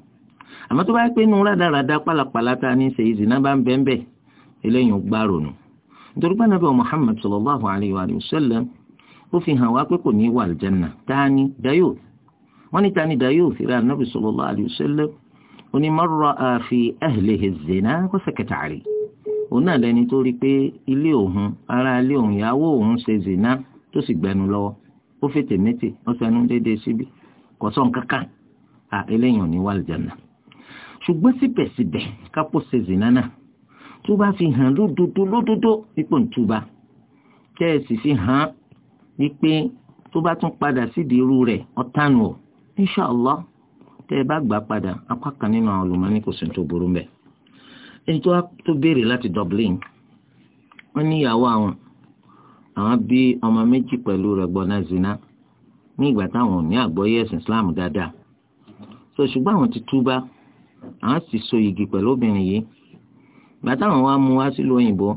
àmọ́ tó bá yẹ pé inú rádaràda pàlàpàlà tá a ní ṣe ìzìnà bá ń bẹ́ẹ̀ bẹ́ẹ̀ eléyìí ò gbá ronú nítorí pé nàbẹ́ Muhammad sallallahu alayhi wa sallam ó fi hàn wá pé kò ní wà àlùjánnà tani dayuth wọ́n ní tani dayuth ìrẹ́ ànábì sallallahu alayhi wa sallam oní man ra'a fi ahlihi zina kó sẹ̀kẹ̀tà rí òun náà lẹni tó rí pé ilé òun ara ilé òun ìyàwó òun ṣe zina tó sì gbẹnu lọ́wọ́ ó fètè mẹ́tẹ̀ ó sẹnu déédéé síbi kọ̀sán kankan à eléyìí ò ní wà àlùjánnà ṣùgbọ́n síbẹ̀síbẹ̀ kápò ṣe zìnà tó bá fi hàn lódodo lódodo pípò ń kẹ́ ẹ̀ sì fi hàn wípé tó bá tún padà sídìí irú rẹ̀ ọ̀tánu ọ̀ inṣàlá tẹ́ ẹ bá gbà padà apá kan nínú àwọn olùmọ́ni kò sí tó burú mbẹ́. ẹni tó wá tó béèrè láti Dublin wọ́n ní ìyàwó àwọn àwọn bí ọmọ méjì pẹ̀lú rẹ̀ zina ní ìgbà táwọn ò ní àgbọ́yé ẹ̀sìn Islam dáadáa so à á sì so igi pẹ̀lú obìnrin yìí ìgbà táwọn wá mú wá sílùú òyìnbó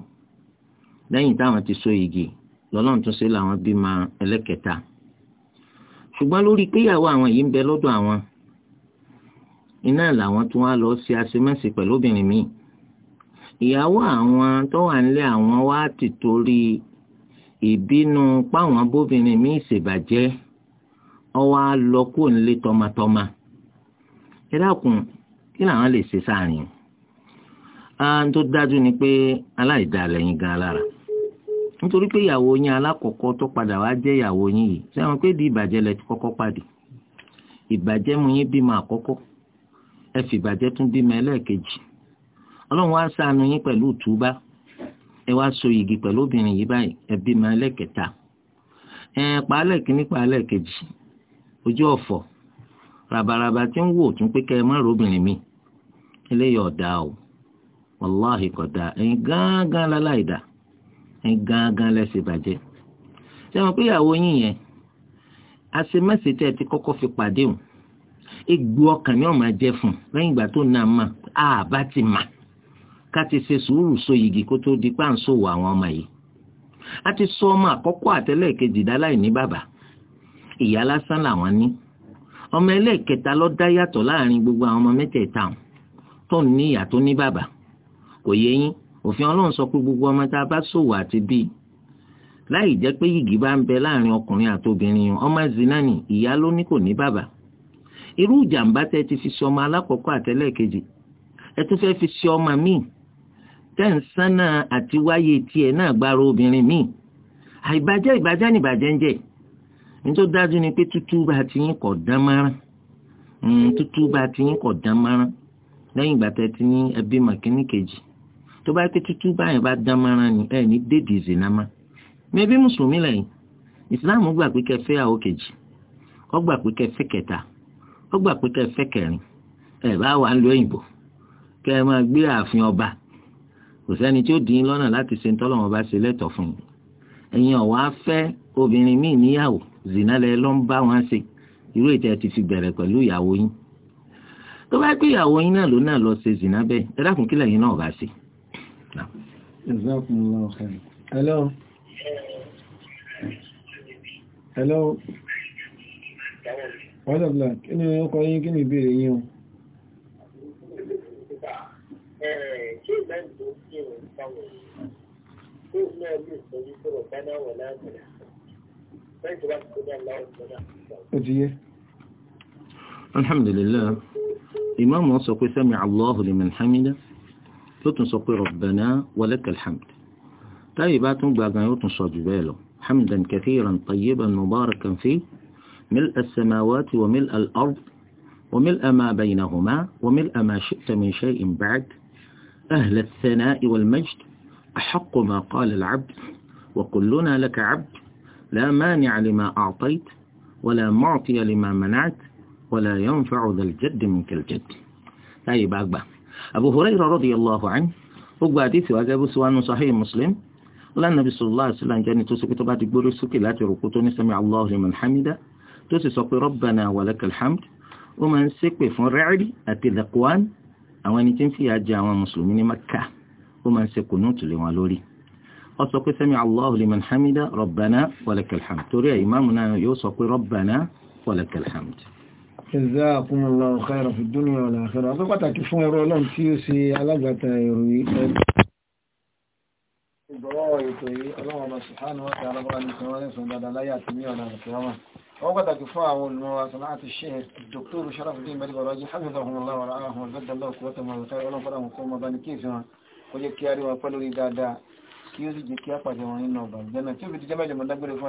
lẹ́yìn táwọn ti so igi lọ́lọ́run tún ṣe làwọn bímọ ẹlẹ́kẹta ṣùgbọ́n lórí péyàwó àwọn yìí ń bẹ lọ́dọ̀ àwọn iná làwọn tún wá lọ sí àṣemáṣe pẹ̀lú obìnrin míì ìyàwó àwọn tó wà nílé àwọn wá ti torí ìbínú páwọn bóbìnrin míì ṣèbàjẹ́ ọwọ́ á lọ kúrò nílé tọmatọma ẹ dákun kí làwọn lè ṣe sáàrin ahun tó dájú ni pé aláìda lẹ́yìn gan lára nítorí pé ìyàwó yín alákọ̀ọ́kọ́ tó padà wá jẹ́ ìyàwó yín yìí sẹ́wọ̀n pé di ìbàjẹ́ lẹ ti kọ́kọ́ pàdé ìbàjẹ́ mu yín bímọ àkọ́kọ́ ẹ fi ìbàjẹ́ tún bímọ ẹlẹ́ẹ̀kejì ọlọ́run wá ṣàánú yín pẹ̀lú ìtúbá ẹ wá so igi pẹ̀lú obìnrin yìí báyìí ẹ bímọ ẹlẹ́ẹ̀kẹta ẹ paálẹ̀ eléyìí ọ̀dà o wàláhì kò dáa ẹ̀yin gángan láláì dá ẹ̀yin gángan lẹ́sẹ̀ bàjẹ́ ṣé wọn pé ìyàwó yín yẹn àṣemẹ́sẹ̀ tẹ́ ẹ ti kọ́kọ́ fi pàdé o egbò ọkàn ni ọmọ jẹ fún lẹ́yìn ìgbà tó nà mà á bá ti mà ká ti ṣe sùúrù so yìgì kó tó di páǹsòwò àwọn ọmọ yìí a ti sọ ọmọ àkọ́kọ́ àtẹlẹ́ẹ̀kejì dáláì ní bàbá ìyá lásán làwọn ní ọmọ ẹlẹ́ẹ̀kẹta ló dá yàtọ̀ láàrin gbogbo àwọn ọmọ mẹ́tẹ̀ẹ̀ta hàn tó ní ìyá tó ní bàbá kò yé yín òfin ọlọ́run sọ pé gbogbo ọmọ tá a bá ṣòwò àti bíi láì jẹ́ pé yìgì bá ń bẹ láàrin ọkùnrin àtobìnrin ọmọ zina ni ìyá ló ní kò ní bàbá irú ìjàmbá tẹ́ ti fi ṣe ọmọ alákọ̀ọ́kọ́ àtẹlẹ́ẹ̀kejì ẹ tún fẹ́ fi ṣe ọmọ míì tẹ́ǹsánná àti wáyé tiẹ̀ náà gbára obìnrin míì àìbàjẹ́ ìbàjẹ́ nìbàjẹ́ ń jẹ́ nítorí dájú ni pé tútú bá ti yín kọ̀ dán mọ́rán tútú bá ti yín kọ̀ dán mọ́rán lẹ́yìn ìgbà tẹ́ ti ní ẹbí màkínní kejì tó bá pé tútú báyìí bá dán mọ́ran ni ẹ̀ ní dédì ìzìnàmá mẹ́bí mùsùlùmí lẹ́yìn islam gbà pé kẹfẹ́ àwọ̀ kejì ó gbà pé kẹfẹ́ kẹta ó gbà pé kẹfẹ́ kẹrin ẹ̀ bá wà ń lo òyìnbó kẹ́ ẹ máa gbé ààfin ọba kò sẹ́ni tí ó dín lọ́nà láti ṣe tọ́lọ́wọ́n bá ṣe lẹ́tọ̀ọ́ fún yín ẹ̀yin ọ̀wá fẹ́ obìnrin tó bá gbé ìyàwó yín náà ló náà lọ ṣe zìnà bẹ́ẹ̀ ẹ dákun kílẹ̀ yín náà bá ṣe. hello hello wọ́n dàbí إمام وصفه سمع الله لمن حمده فتن سقي ربنا ولك الحمد طيبات بعد مباقنا يوتن صجباله حمدا كثيرا طيبا مباركا فيه ملء السماوات وملء الأرض وملء ما بينهما وملء ما شئت من شيء بعد أهل الثناء والمجد أحق ما قال العبد وكلنا لك عبد لا مانع لما أعطيت ولا معطي لما منعت ولا ينفع ذا الجد منك الجد طيب أقبع أبو هريرة رضي الله عنه أقبع ديثي وأقبع سوان صحيح مسلم لأن النبي صلى الله عليه وسلم جاني توسك تبعد قولي سكي لا تركوتني سمع الله لمن حمد توسي سقي ربنا ولك الحمد ومن في فرعلي أتي ذقوان أواني تنفي أجا ومسلمين مكة ومن سكي نوت لمالولي وسقي سمع الله لمن حمد ربنا ولك الحمد تري إمامنا يوسقي ربنا ولك الحمد Jazakumullahu khairan fid dunya wal akhirah. Ọpẹ́ pàtàkì fún ẹrọ ọlọ́run tí ó ṣe alágbàtà ẹ̀rọ ìpẹ́. Ìgbọ́wọ́ ètò yìí, ọlọ́run ọba Subhanahu wa ta'ala bá ní sanwó ní sọ̀dọ̀dà láyé àti ní ọ̀nà àrùsọ́wọ́n. Ọwọ́ pàtàkì fún àwọn olùmọ̀wà Sana'atu Sheikh Dr. Sharafuddin Bẹ́lẹ̀bọ̀rọ̀jì, Hafizahumullahu wa ra'ahum wa zaddallahu quwwatan wa ra'ahum ọlọ́run fọ́dà wọn kó mọ́ bá ní kí ìsìn wọn. Ó jẹ́ kí a rí wọn pẹ́ lórí dáadáa kí ó sì jẹ́ kí a pàdé wọn nínú ọba. Jẹ́nà tí ó ti jẹ́ mẹ́jọ mọ́ dágbére fún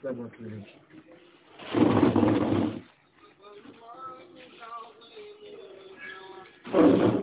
Thank you.